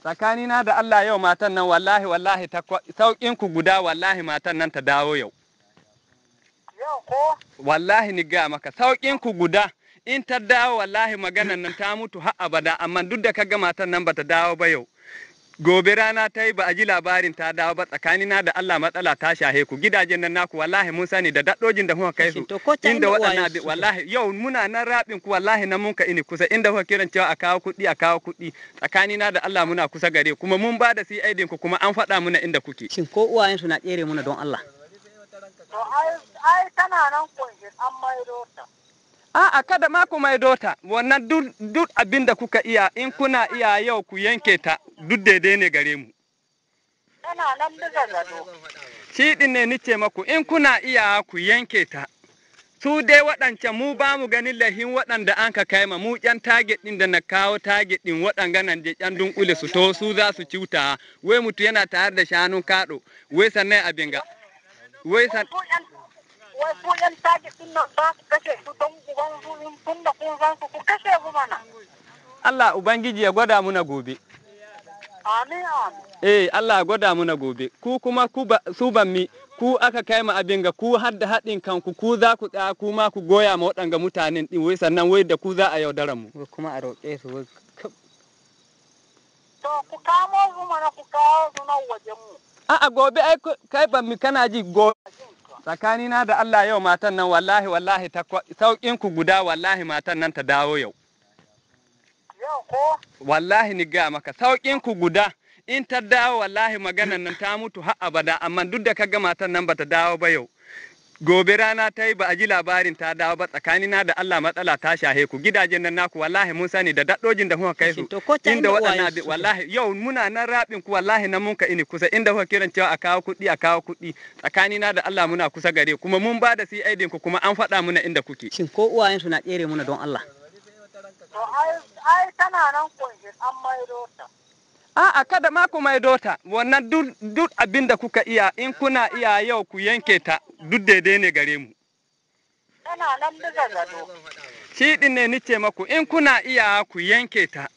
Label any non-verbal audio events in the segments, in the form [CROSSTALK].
tsakanina da Allah yau matan nan wallahi wallahi saukin ku guda wallahi matan nan ta dawo yau yau ko wallahi ni ga maka saukin ku guda in ta dawo wallahi maganan nan ta mutu har abada amma duk da kaga matan nan bata dawo ba yau gobe rana ta yi ba a ji labarin ta dawo ba tsakanina da Allah matsala ta shahe ku gidajen nan naku wallahi mun sani da dadojin da kuka kai su inda wadana wallahi yau muna nan rabin ku wallahi nan mun ka ini kusa inda kuka kiran cewa a kawo kuɗi a kawo kuɗi tsakanina da Allah muna kusa gare kuma mun ba da sai aidin ku kuma an faɗa muna inda kuke shin ko uwayen su na tsere muna don Allah to ai ai tana nan kunshi an maido ta A'a kada ma ku mai dota wannan duk abin da kuka iya in kuna iya yau ku yanke ta duk daidai ne gare mu. Shi ɗin ne nice maku in kuna iya ku yanke ta. Su dai waɗancan mu ba mu ganin lahin waɗanda an ka kai ma mu ƴan target ɗin da na kawo target ɗin waɗanga nan je ƴan dunkule su to su za su ciuta wai mutu yana tare da shanun kaɗo wai sannan abin ga. Wai sannan. wai ku yan tage sun nan ba su kashe su don uban tun da kun su ku kashe su mana Allah ubangiji ya gwada muna gobe amin amin eh Allah ya gwada muna gobe ku kuma ku su ban mi ku aka kai ma abin ga ku har da haɗin kanku ku za ku tsaya ku ma ku goya ma waɗanga mutanen ɗin wai sannan wai da ku za a yaudara mu. kuma a roƙe su wai. To ku kamo su mana ku kawo su nan wajen mu. A'a gobe ai kai ban mi kana ji gobe. tsakanina da Allah yau matan nan wallahi wallahi saukin ku guda wallahi matan nan ta dawo yau yau ko wallahi ni ga maka saukin ku guda in ta dawo wallahi maganan nan ta mutu har abada amma duk da kaga matan nan bata dawo ba yau gobe rana ta yi ba a ji labarin ta dawo ba tsakanina da Allah matsala ta shahe ku gidajen nan naku wallahi mun sani da daddojin da kuka kai su inda waɗannan wallahi yau muna nan rabin ku wallahi nan mun ka ini kusa inda kuka kiran cewa a kawo kuɗi a kawo kuɗi tsakanina da Allah muna kusa gare kuma mun ba da su aidin ku kuma an faɗa muna inda kuke shin ko uwayen su na tsere muna don Allah to ai ai tana nan kunshin an maido ta A'a kada ma ku mai dota wannan duk abin da kuka iya in kuna iya yau ku yanke ta duk daidai ne gare mu. Tana nan gado. Shi ɗin ne nice maku in kuna iya ku yanke ta.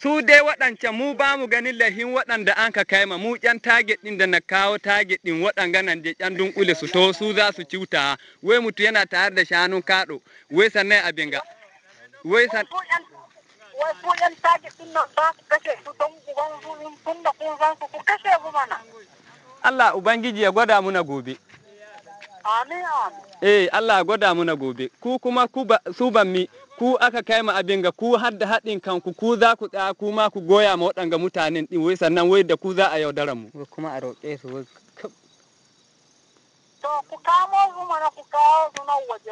Su dai waɗancan mu ba mu ganin lahin waɗanda an ka kai ma mu ƴan target ɗin da na kawo target ɗin waɗanga nan je ƴan dunkule su to su za su ciuta wai mutu yana tare da shanun kaɗo wai sannan abin ga. Wai sannan. kashe ku kashe Allah ubangiji ya gwada muna gobe amin eh Allah ya gwada muna gobe ku kuma ku su ban mi ku aka kai mu abin ga ku har da haɗin kanku ku za ku tsaya ku ma ku goya ma waɗanga mutanen ɗin wai sannan wai da ku za a yaudara mu. kuma a roƙe su wai. To ku kamo su mana ku kawo su nan waje.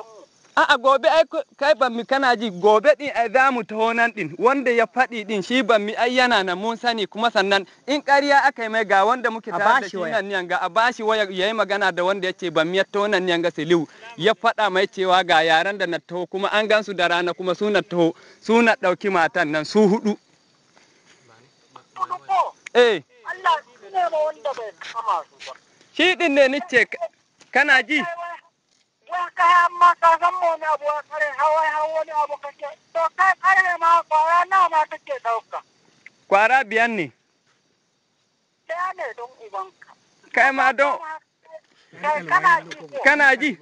a'a gobe ai kai ban mi kana ji gobe din ai za mu taho nan din wanda ya faɗi din shi ban mi ai yana nan mun sani kuma sannan in ƙarya aka yi mai ga wanda muke tare da shi nan niyan ga a bashi waya yayi magana da wanda yace ban mi ya taho nan niyan ga Siliu ya faɗa mai cewa ga yaran da na taho kuma an gansu da rana kuma su na taho su na ɗauki matan nan su hudu. Eh. Allah shi ne ma wanda bai kama su ba. Shi din ne ni ce kana ji. wai kaya amma ka san mu abu kare hawai hawai abu kake to kai kare ma kwara na ma kake dauka kwara biyan ne ne don ubanka kai ma don kana ji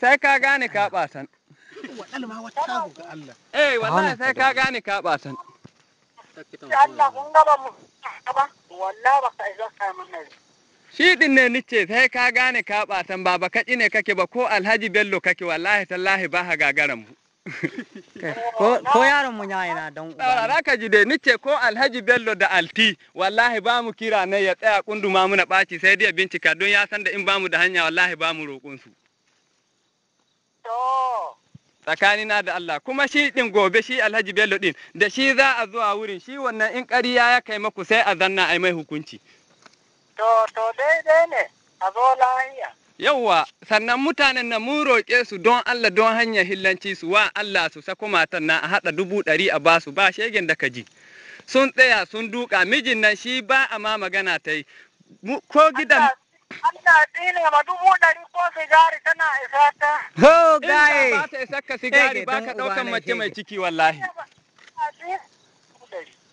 sai ka gane ka batan eh wallahi sai ka gane ka batan Allah kun gaba mu wallahi ba ka kai mun shi din ne nice sai ka gane ka batan baba kaci ne kake ba ko alhaji bello kake wallahi tallahi ba ha gagaran mu [LAUGHS] ko yaron mu yi na dan uba ka ji dai nice ko alhaji bello da alti wallahi ba mu kira ne ya tsaya kunduma muna baci sai dai bincika don ya san da in ba mu da hanya wallahi ba mu roƙon su tsakanina da Allah kuma shi din gobe shi Alhaji Bello din da shi za a zuwa wurin shi wannan in ƙarya ya kai maku sai a zanna a mai hukunci To, to daidai ne, a zo lahiya. Yawwa, sannan mutanen na mun roƙe su don Allah don hanyar hillanci su wa Allah su sako matan na a haɗa dubu ɗari a basu ba shegen da ka ji. Sun tsaya sun duka mijin nan shi ba a ma magana ta yi. Ko gidan Allah tsine ma dubu ɗari ko sigari tana isa ta. Ho gaye. Ina ba ta isa ka sigari ba ka ɗaukan mace mai ciki wallahi.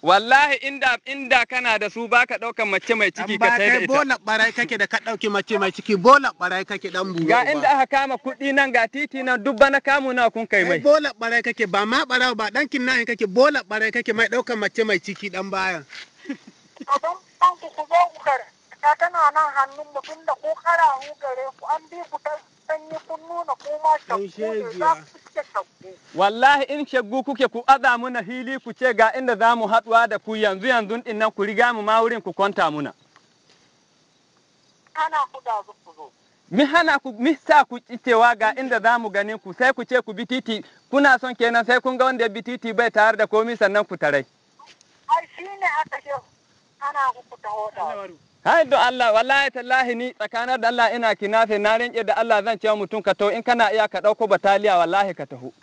wallahi inda inda kana da su baka daukan mace mai ciki ka sai da ita bola barai kake da ka dauki mace mai ciki bola barai kake dan buru ga inda aka kama kudi nan ga titi nan duk bana kamu na kun kai mai bola barai kake ba ma barau ba dan nan kake bola barai kake mai daukan mace mai ciki dan bayan abin don ku ku zo ku kare tana nan hannun mutum da ko kara gare ku an bi ku ta sanyi kun nuna shaggu za ku Wallahi in shaggu kuke ku aza muna hili ku ce ga inda za mu haɗuwa da ku yanzu yanzu din nan ku riga mu ma wurin ku kwanta muna. Ana ku da ku zo. Mi hana ku mi sa ku cewa ga inda za mu gane ku sai ku ce ku bi titi kuna son kenan sai kun ga wanda bi titi bai tare da komi sannan ku tarai. Ai shi ne aka ce ana ku ku taho da. hai da Allah wallahi tallahi ni tsakanar da Allah ina kinafe na rinke da Allah zan cewa mutum ka in kana iya ka dauko bataliya wallahi ka taho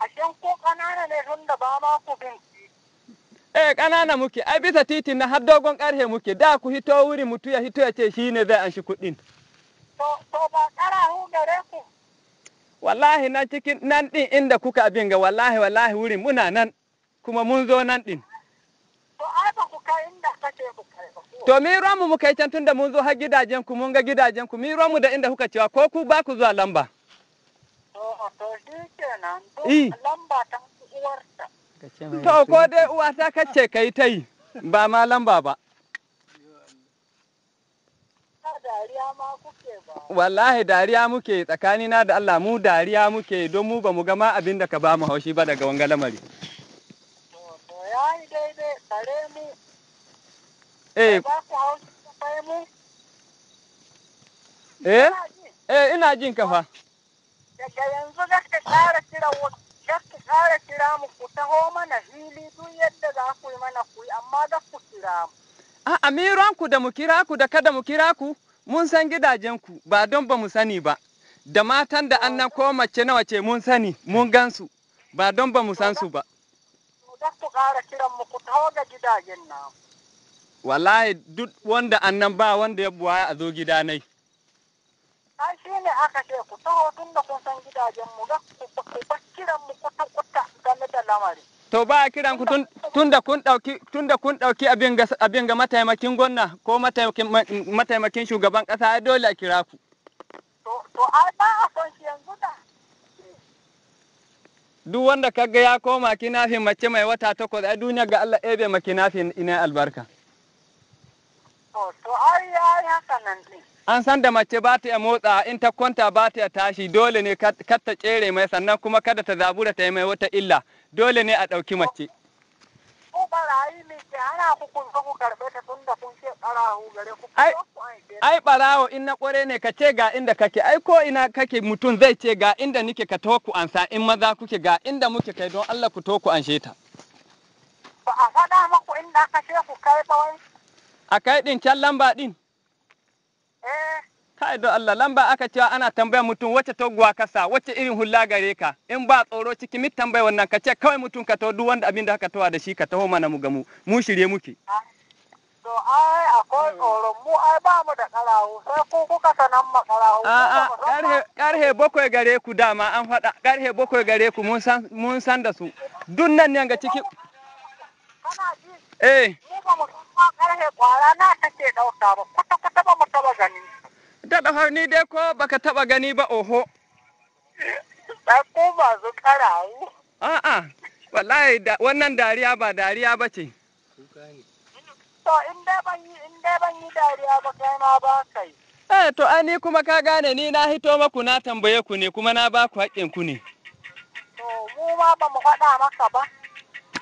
ashen ko kanana ne run da ba ma ku bin eh kanana muke ai bisa titi na har dogon karhe muke da ku hito wuri mutu ya hito ya ce shi ne zai anshi kuɗin to to ba hu gare ku wallahi nan cikin nan din inda kuka abin ga wallahi wallahi wurin muna nan kuma mun zo nan din to ai ba To mi ramu mu kai can tunda mun zo har gidajen ku mun ga gidajen ku mi ramu da inda kuka cewa ko ku ba ku zuwa lamba. To shi kenan. Lamba ta uwarta. To ko dai uwa ta kace kai ta yi ba ma lamba ba. Wallahi dariya muke tsakani na da Allah mu dariya muke don mu ba mu gama abin da ka ba mu haushi ba daga wanga lamari. To ya daidai tsare mu eh eh eh ina jin kafa daga yanzu za ka kara kira za ka kara kira mu ku taho mana hili duk yadda za ku yi mana ku amma za ku kira mu a amiran ku da mu kira ku da kada mu kira ku mun san gidajen ku ba don ba mu sani ba da matan da annan ko mace nawa ce mun sani mun gansu ba don ba mu san su ba. Za ku kara kiran mu ku taho ga gidajen namu. wallahi duk wanda annan ba wanda ya buwa a zo gida nai ai shi ne aka ce ku taho tun da kun san gidajen mu ga ku ba kiran mu kuta kwata game da lamari to ba a kiran ku tun da kun dauki tun da kun dauki abin ga abin ga mataimakin gwamna ko mataimakin mataimakin shugaban kasa ai dole a kira ku to to ai ba a son shi yanzu da duk wanda kaga ya koma kinafin mace mai wata takwas ai duniya ga Allah ebe makinafin ina albarka to ai ai haka nan din an san da mace ba ta motsa in ta kwanta ba ta tashi dole ne kar ta tsere mai sannan kuma kada ta zabura ta yi mai wata illa dole ne a ɗauki mace karɓe ta kun ai ɓarawo in na ƙware ne ka ce ga inda kake ai ko ina kake mutum zai ce ga inda nike ka to ku ansa in maza kuke ga inda muke kai don Allah ku to ku anshe ta ba a faɗa maku inda kashe ku kai ba wai a kai ɗin can lamba ɗin? Eh. Kai don Allah lamba aka cewa ana tambaya mutum wacce toguwa kasa wacce irin hula gare ka in ba tsoro ciki mit tambaya wannan ka ce kawai mutum ka to duk wanda abin da aka tawa da shi ka taho mana mu gamu mu shirye muke. Ah, to ai akwai tsoro mu ai ba mu da karawo sai ku kuka sanan ma karawo A'a karhe karhe bakwai gare ku dama an faɗa karhe bakwai gare ku mun san da su dun nan ne ga ciki. Eh. ba mu kuma na take ɗauka ba kwata kwata ba mu taɓa gani. Da ɗaukar ni dai ko baka taɓa gani ba oho. Ɗauko ba su karawu. A'a wallahi wannan dariya ba dariya ba ce. To in dai ban yi dariya ba kai na ba kai. Eh to ai ni kuma ka gane ni na hito maku na tambaye ku ne kuma na ba ku haƙƙin ku ne. To mu ma ba mu faɗa maka ba.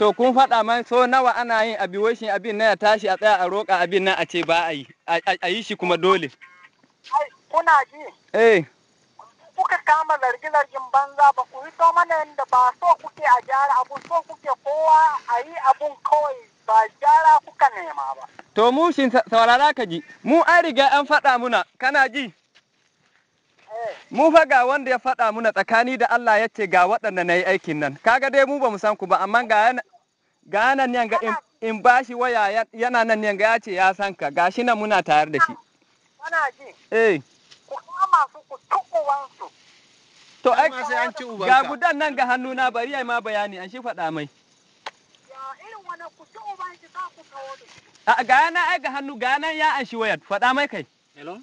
to kun faɗa man so nawa ana yin abi wai abin na ya tashi a tsaya a roƙa abin nan a ce ba a yi a yi shi kuma dole kuna ji eh kuka kama zargi-zargin banza ba ku yi so mana yadda ba so kuke a gyara abu so kuke kowa a yi abun kawai ba gyara kuka nema ba. To mu shi saurara ka ji, mu an riga an faɗa muna, kana ji? Eh. Mu fa ga wanda ya faɗa muna tsakani da Allah ya ce ga waɗanda na yi aikin nan, kaga dai mu ba mu san ku ba, amma ga ga nan ne ga in ba shi waya yana nan ne ga ya ce ya san ka shi nan muna tayar da shi Kana ji eh ku kama su ku tuku wansu. to ai ga gudan nan ga hannu na bari ai ma bayani an shi faɗa mai a ga yana ai ga hannu ga nan ya an shi wayar faɗa mai kai hello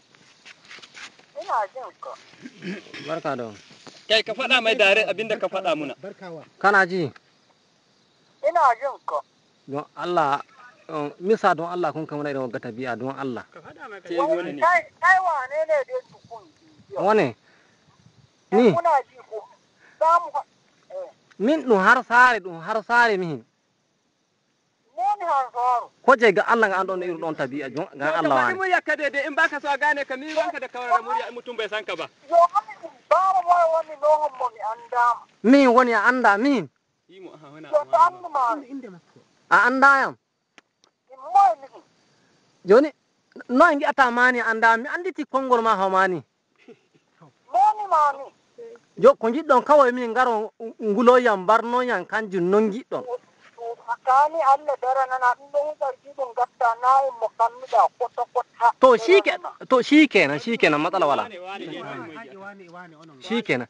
ina jin ka barka da kai ka faɗa mai dare abinda ka faɗa muna barkawa kana ji ina jin ka don Allah misa um, don Allah kun kama irin wagga tabi'a don Allah kai wane ne dai tukun wane ni eh. min ɗum har saare ɗum har saare mihin ko je ga Allah ga an ɗon irin ɗon tabi'a ga Allah wani mu yakka de de in baka so a gane ka mi ranka da kawara murya mutum bai san ka ba yo ba ba wani lohon mo mi anda min woni anda min a anndayam joni no en ngi'ata maani annda mi annditi konngol ma haw maani jo ko njiɗɗon kawoye min ngaro nguloyam mbarnoyam kanjum non ngiɗɗon kani allah daranana ɗum ɗo hugarjiɗo gatta nawo mo kammiɗa kota kota to sike to sikenan sikenan matsala wala sikenan